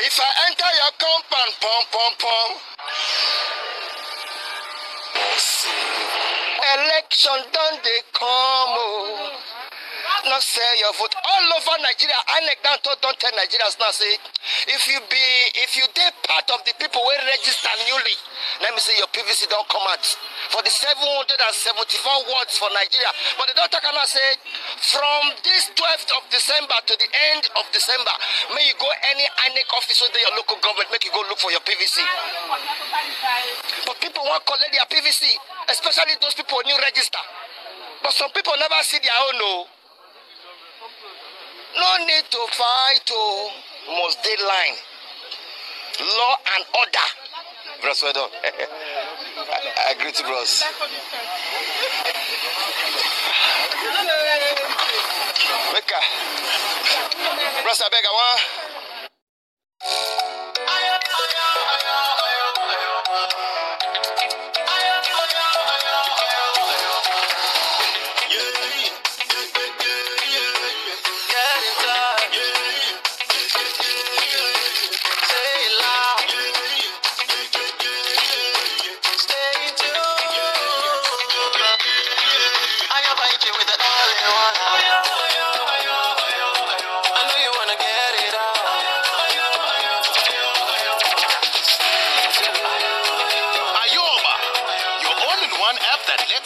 If I enter your compound, pom pom pom. Election done they come. Oh not sell your vote all over nigeria inec don't tell nigerians now say if you be if you dey part of the people wey register newly let me say your pvc don't come out for the seven hundred and seventy-four words for nigeria but the doctor cannot say from this twelfth of december to the end of december may you go any inec office wey your local government make you go look for your pvc but people wan collect their pvc especially those people wey new register but some people never see their own o. Oh. No. No need to fight, oh. Must they line. Law and order. Bros, well done. I, I greet you, bros. Make Bros, I beg, I want.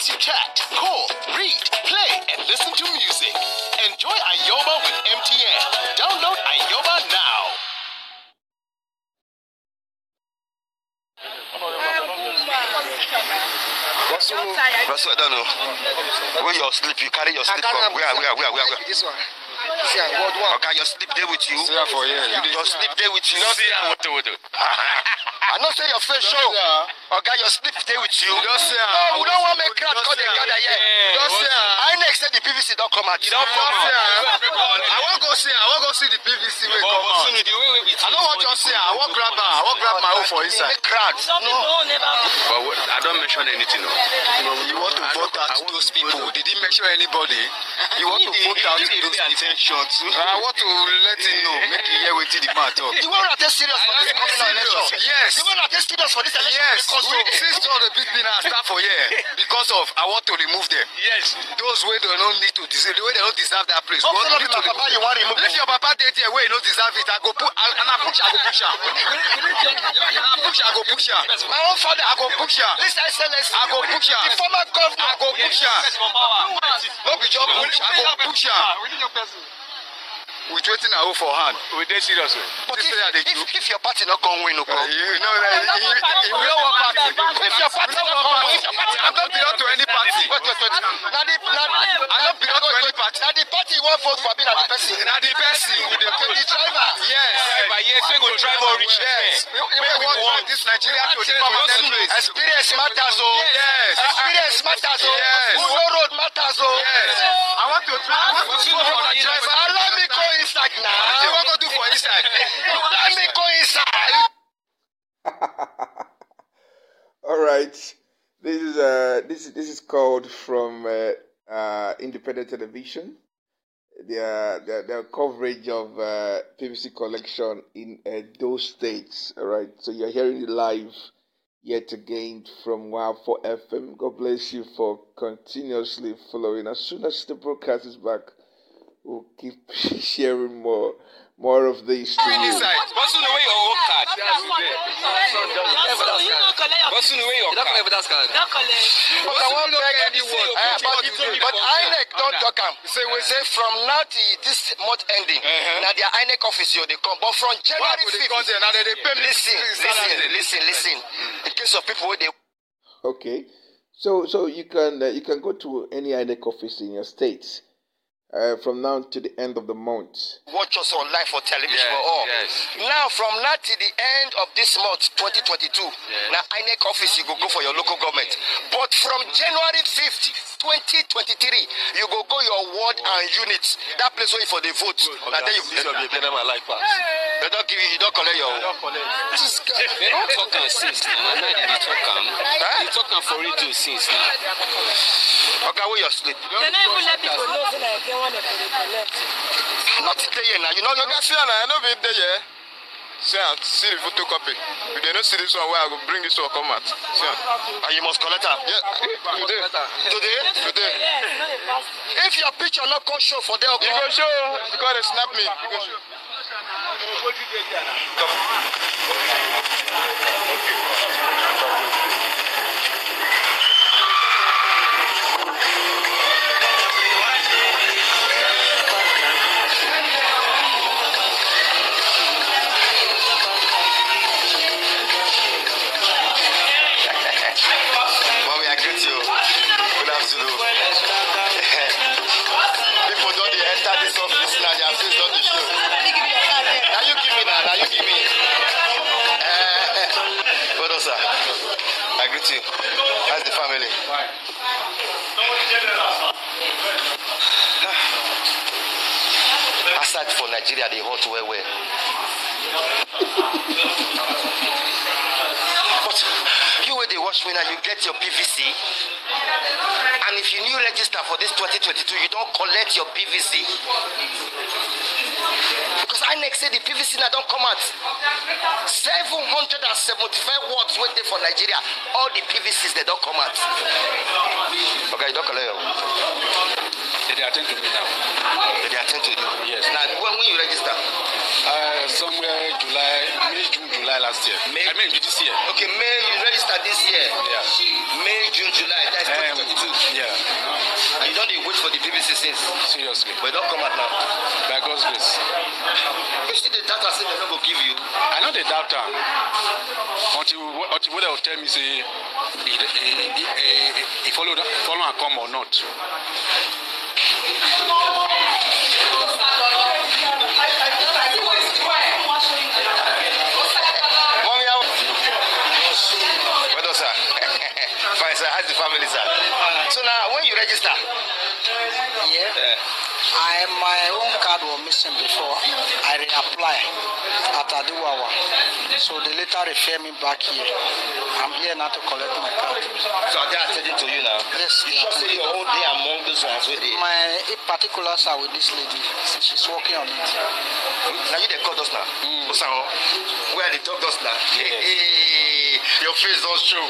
lets you chat, call, read, play, and listen to music. Enjoy Ayoba with MTN. Download Ayoba now. Russell, Russell, I don't know. Where your sleep? You carry your sleep Where? Where? Where? Where? where? This one. Okay, your sleep there with you. Your sleep there with you. I know say your face show. Ah. Oga, your sleep stay with you. you ah. no, we don't want make crowd come dey ah. gather here. You just say, INEC say the PVC don come out. You come out see. I want go see the BBC wey come out. I no wan just see. I wan grab am. I wan grab my own for inside. Crack. No. But I don mention anything. No. no you want to vote out those people? Did he mention anybody? You want to vote out those people? I want to let him know. Make he hear wetin the man talk. You wan rate serious for this coming election? Yes. You wan rate serious for this election? Yes. Since all the big men start for here because of I want to remove them. Yes. Those wey dey no need to deserve, the way dey no deserve that place. Don't follow the Makaba you wan remove Let your papa date here where he no deserve it. I go put and, and I push, I go push her. and I push, I go push her. My own father, I go push her. This SLS, I go push her. The former governor, I go push her. No be job, I go push her. Ah, with waiting i hold for hand. we dey seriously. Oh. but if if, if if your party not come win o. Uh, you know that uh, you you no work party. if your party no come win i no belong to any party. wait wait wait na the i no belong to party. Now the party won't vote for me, now the person. Now the person. The, driver. Yes. Driver, yes. We go drive or reach there. We want drive this Nigeria to the permanent place. Experience matters, oh. Yes. Experience matters, oh. Yes. Who know road matters, oh. Yes. I want to drive. I want to go the driver. Let me go inside now. What you want to do for inside? Let me go inside. All right. This is uh this this is called from uh, uh, independent television, their, their, their coverage of uh, PVC collection in uh, those states. All right, so you're hearing it live yet again from Wow for FM. God bless you for continuously following. As soon as the broadcast is back, we'll keep sharing more more of these to away your own card. away your card. don talk am say we uh-huh. say from now till this month ending uh-huh. na their inec office you dey come but from january fifth lis ten lis ten lis ten in case of people wey dey. okay so so you can uh, you can go to any inec office in your state uh, from now to the end of the month. Watch us online for television yes, for all. Yes. Now, from now to the end of this month, 2022, yes. now INEC office, you go go for your local government. But from January 5th, 2023, you go go your ward and units. That place where for the vote. Now, then you, this will be you, my life pass. you, dem don give you you don collect your own. this talk and since na na night dem dey talk am dey talk am for radio since now. oga wey your sleep. dem no even let people know say na you get one of dem dey collect. nothing na you no know. oga see am na i no be dey here. see am see the photocopy if they no see this one Where i go bring this one come out see and ah, you must collect am yeah today today today if your picture not come show for there you go show because they snap me. You go show. 我直接见 committee. That's the family. Aside for Nigeria, they hot well well. winner, you get your PVC. And if you new register for this 2022, you don't collect your PVC. Because I next say the PVC now don't come out. 775 words there for Nigeria. All the PVCs, they don't come out. Okay, you don't collect your they attend to me now. They attend to you? Yes. Now, when, when you register? Uh, somewhere July, May, June, July last year. May, I mean this year. Okay, May, you register this year? Yeah. May, June, July, that's um, 2022. Yeah. And you don't wait for the BBC since? Seriously. But don't come at now. By God's grace. You see the data say they don't go give you. I know the data. Until, until whether will tell me say, he, he, he, he, he follow, follow and come or not. Fine, sir. How's the family, sir? So now, when you register, yeah. Uh, I my own card was missing before. I reapply at Adiwawa. So they later refer me back here. I'm here now to collect my card. So they are they attending to you now? Yes. You should say your own day among those ones with it. My particulars are with this lady. She's working on it. Now you the call us now. Mm. Oh. Where they talk us now? your face don't show.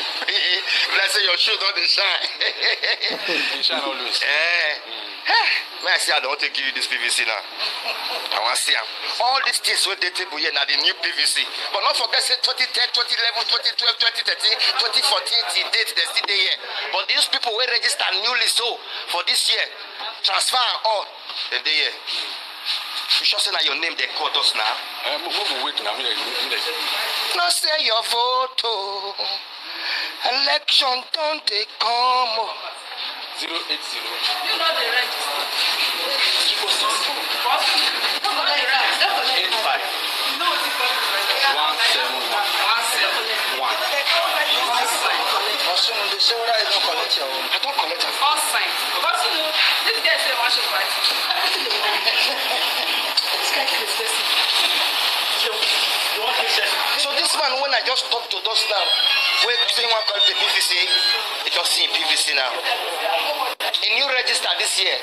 Let's say your shoes don't shine. you shine always. Eh. Mm. Eh may i say i don take give you this pvc now i wan see am all these things wey dey table here na the new pvc but not forget say 2010 2011 2012 2013 2014 the date dem still dey but these people wey register newly so for this year transfer and all dem dey here. You sure say na your name they call us now? Uh, wait now. No say your vote. Oh. Election don't they come. Oh zero eight zero. you know the rent. eight five. one seven one. one seven one. Ọ̀ṣun ọ̀dẹ ṣé wúrà yìí ló collect yà wọ́n. I don collect am. All sign. But you know, this guy say one show right. This guy is expensive. Even when I just talk to those now, we're saying one called the PVC, they just see PVC now. A new register this year.